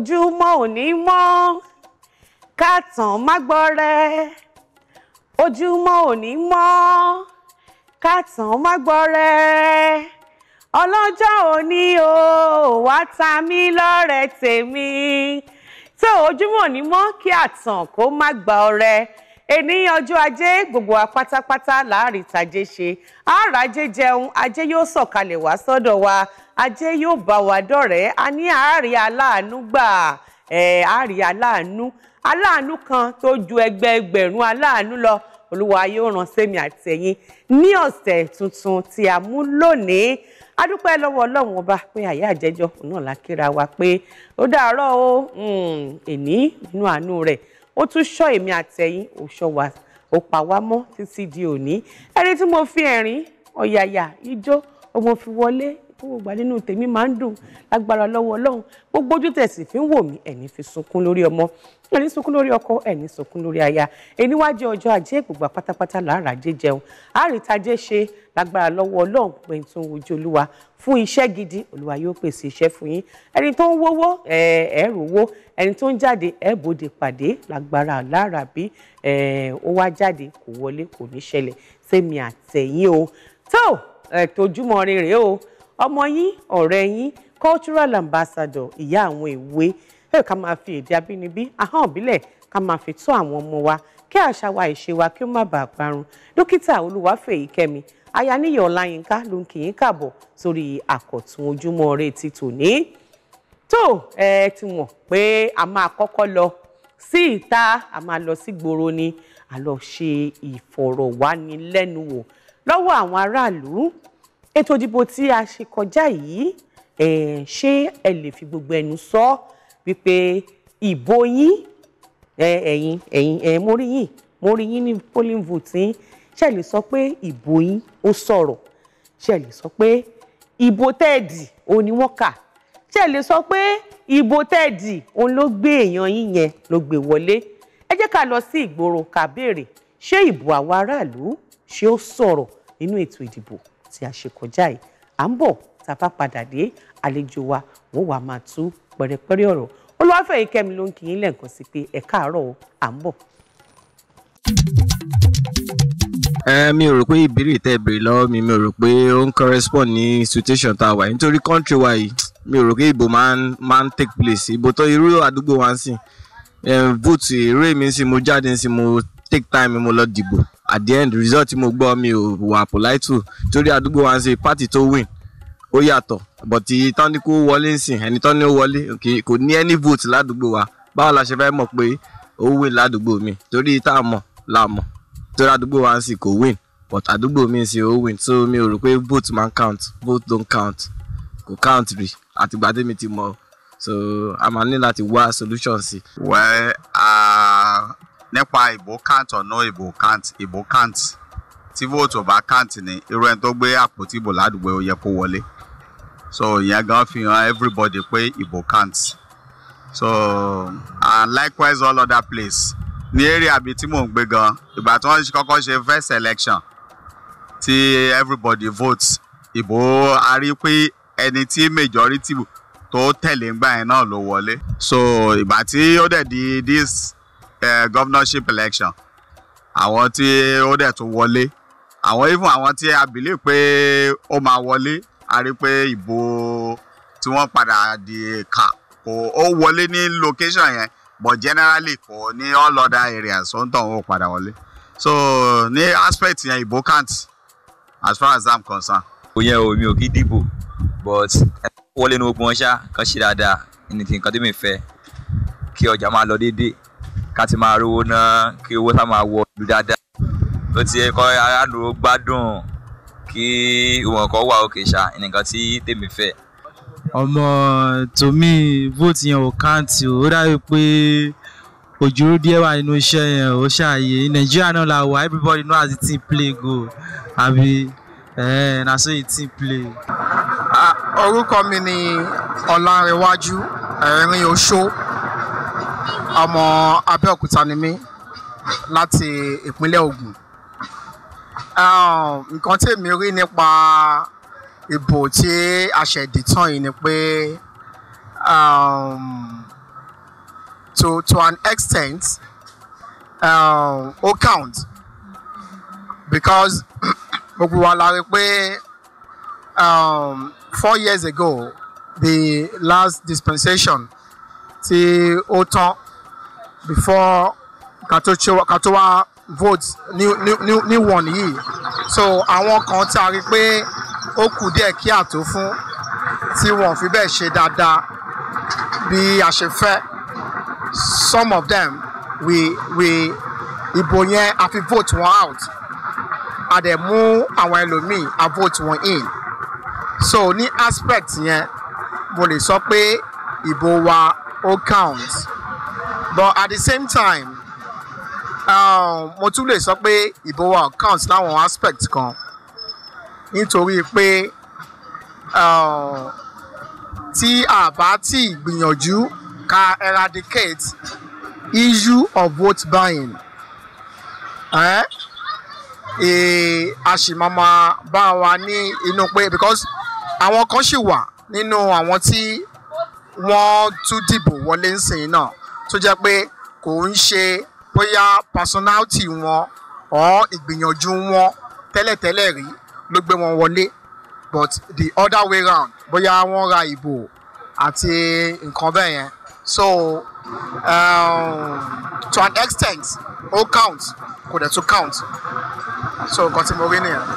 ojúmọ́ òní mọ́ kàtàn má gbọ́rẹ́ ojúmọ́ òní mọ́ kàtàn má gbọ́rẹ́ ọlọ́jọ́ òní o wá ta mí lọ́rẹ tèmi tó ojúmọ́ òní mọ́ kí àtàn kó má gba ọrẹ èní ọjọ́ ajé gbogbo wa pátápátá láàrin ìtàjẹ́ ṣe àárà ajé jẹun ajé yóò sọ̀kalẹ̀ wá sọ́dọ̀ wa ajé yóò bá wa dọ̀rẹ́ a ní àárí aláàánú gbà àárí aláàánú aláàánú kan tó ju ẹgbẹ́ ẹgbẹ̀rún aláàánú lọ olúwa yóò ràn sẹ́mi àtẹ̀yìn ní ọ̀sẹ̀ tuntun tí a mú lónìí a dúpẹ́ lọ́wọ́ ọlọ́run ọba pé àyà àjẹjọ́ náà la kíra wa pé ó dàárọ̀ o hmm, èní nínú àánú rẹ̀ ó tún ṣọ́ èmi àtẹ̀yìn ó ṣọ́ wa ó pa wá mọ́ títí di òní ẹni tí mo fi ẹ̀rín ọ̀yàyà ijó ó mo fi wọlé gbogbo ìgbà nínú tèmi máa ń dùn lágbára lọ́wọ́ ọlọ́run gbogbo ojú tẹ̀sí fi ń wò mí ẹ̀ní fi sunkún lórí ọmọ ẹ̀ní sunkún lórí ọkọ ẹ̀ní sunkún lórí aya ẹni wá jẹ́ ọjọ́ ajé gbogbo pátápátá làárà jẹ́ jẹun àrìtajẹ́ ṣe lágbára lọ́wọ́ ọlọ́run pẹ̀lú tó ń wojú olúwa fún iṣẹ́ gidi olúwa yóò pèsè iṣẹ́ fún yín ẹni tó ń wówó ẹ̀ẹ́rù owó ẹni tó ń jáde ẹ̀ẹ́bòde pàdé lágbára lára bí ó wá jáde kò wọlé kò ní ṣẹlẹ̀ sẹ́mi àtẹ̀yìn o tó ètò Ojúmọ́ Ire o ọmọ yín ọ̀rẹ́ yín cultural ambassador ìyá àwọn èwe ẹ ká máa fi èdè abínibí ahọ́n ìbílẹ̀ ká máa fi tó àwọn ọmọ wa kí àṣà wa ìṣe wa kí ó má bàa parun dókítà Olúwafẹ́yìkẹ́mi Ayaníyàn Ọláyínká ló ń kì í kàbọ̀ sórí àkọ̀tún Ojúmọ́ Ire ti tòní tó ẹ ti mọ̀ pé a máa kọ́kọ́ lọ sí ìta a máa lọ sí gbòòrò ni a lọ ṣe ìfọ̀rọ̀wánilẹ́nuwò lọ́wọ́ àwọn aráàlú ètò ìdìbò tí a ṣe kọjá yìí ṣé ẹ lè fi gbogbo ẹnu sọ wípé ìbò yín ẹ̀yin ẹ̀yin mo rí yín mo rí yín ní polling vote yín ṣé lè sọ pé ìbò yín ó sọ̀rọ̀ ṣé lè sọ pé ìbò tẹ́ẹ̀dì òun ni wọ́n kà ṣé ẹ lè sọ pé ìbò tẹ́ẹ̀dì òun ló gbé èèyàn yín yẹn ló gbé wọlé ẹ jẹ́ ká lọ sí ìgboro ká béèrè ṣé ìbò àwọn aráàlú ṣé ó sọ̀rọ̀ nínú ètò ìdìbò tí a ṣe kọjá yìí à ń bọ̀ tá a bá padà dé àlejò wa wọ́n wàá máa tú pẹ̀rẹ̀pẹ̀rẹ̀ ọ̀rọ̀ Olúwafẹ́yìkẹ́mi ló ń kí yín lẹ́ẹ̀kan sí pé ẹ káàárọ̀ à ń bọ̀. mi ò rò pé ìbéèrè tẹ́ ìbéèrè lọ́wọ́ mi mi ò rò pé ó ń correspond ní situation tá a wà nítorí country wa yìí mi ò rò pé ìbò máa ń take place ìbò tó irú àdúgbò wa ń sìn vote eré mi ń sìn mo jáde ń sìn mo take time mo lọ dìbò at the end result tí mo gbọ́ mi ò wà polite to torí àdúgbò wa ń ṣe party tó win ó yàtọ̀ but tán ní kó wọlé nsìn ẹni tán ní ó wọlé kò ní any vote ládùúgbò wa báwo la ṣe fẹ́ mọ̀ pé ó win ládùúgbò mi torí tá a mọ̀ la mọ̀ torí àdúgbò wa ń sìn kò win but àdúgbò mi ń sìn ó win so mi ò rò pé vote man count vote don count kò count rí àtìgbà tèmi ti mọ̀ so a máa ní láti wá solution sí. wẹ́ẹ́ a nípa ìbò count or no ìbò count ìbò count tí vote ò bá count ni irú ẹni tó gbé àpótí ìbò ládùúgbò ó yẹ kó wọlé so ìyẹn gan fi hàn everybody pé ìbò count so and likewise all other place ní area bíi tí mò ń gbé gan ìgbà tí wọ́n kọ́kọ́ ṣe first election tí everybody vote ìbò a rí pé ẹni tí majority tó tẹ̀lé ń gbà yẹn náà ló wọlé so ìgbà tí ó dẹ̀ di this governorship election àwọn tí ó dẹ̀ tún wọlé àwọn even àwọn tí a believe pé ó máa wọlé a rí pé ìbò tí wọ́n padà di kà kò ó wọlé ní location yẹn but generally kò ní all other areas So ń tàn ó padà wọlé so ní aspect yẹn ìbò count as far as i'm concerned. òyìn o mi ò kí dìbò but wọlé ní ogun ọṣà kan ṣe dáadáa ní nǹkan tó mi fẹ́ kí ọjà máa lọ déédéé ká ti máa rówó ná kí owó sá máa wọ ìlú dáadáa ó ti kọ́ aráàlú gbádùn kí ìwọ̀n kan wà òkè ṣá nǹkan tí tèmi fẹ́. ọmọ tòmí vote yẹn ò káǹtì ó dàbí pé òjòrò díẹ̀ wà nínú iṣẹ́ yẹn ó ṣàyè nàìjíríà náà la wà everybody know as the team play go àbí na so the team play. Ah, orúkọ mi ni ọ̀làǹrẹ̀wájú ẹ̀rín oṣó ọmọ Abẹ́òkúta ni mí láti ìpínlẹ̀ Ògùn um, nǹkan tí èmi rí nípa ìbò tí a yìí ni pé um, to to an extent um, ó um, count because gbogbo wa la rí pé four years ago the last dispensation tí ó tán before katochewa katowa vote new new ní wọ̀n yìí so àwọn kan tá a rí pé ó kù díẹ̀ kí àtó fún tí wọ́n fi bẹ́ẹ̀ ṣe dáadáa bí a ṣe fẹ́ some of them we we ìbò yẹn a fi vote wọn out a dẹ̀ mú àwọn ẹlòmíì a vote wọn in so ní aspect yẹn mo lè sọ pé ìbò wa ó count but at the same time um, mo tún lè sọ pé ìbò wa count láwọn aspect kan nítorí pé um, tí a bá ti gbìyànjú ká eradicate issue of vote buying eh? e, a sì máa ma bá wa ní inú pé because àwọn kan ṣì wà nínú àwọn tí wọ́n tún dìbò wọlé ń sìn náà tó jẹ́ pé kò ń ṣe bóyá personality wọn or ìgbìyànjú wọn tẹ́lẹ̀tẹ́lẹ̀ rí ló gbé wọn wọlé but the other way round bóyá wọ́n ra ìbò àti nǹkan bẹ́ẹ̀ yẹn so um, to an extent all count kò dẹ̀ tún count so nǹkan tí mo rí nìyẹn.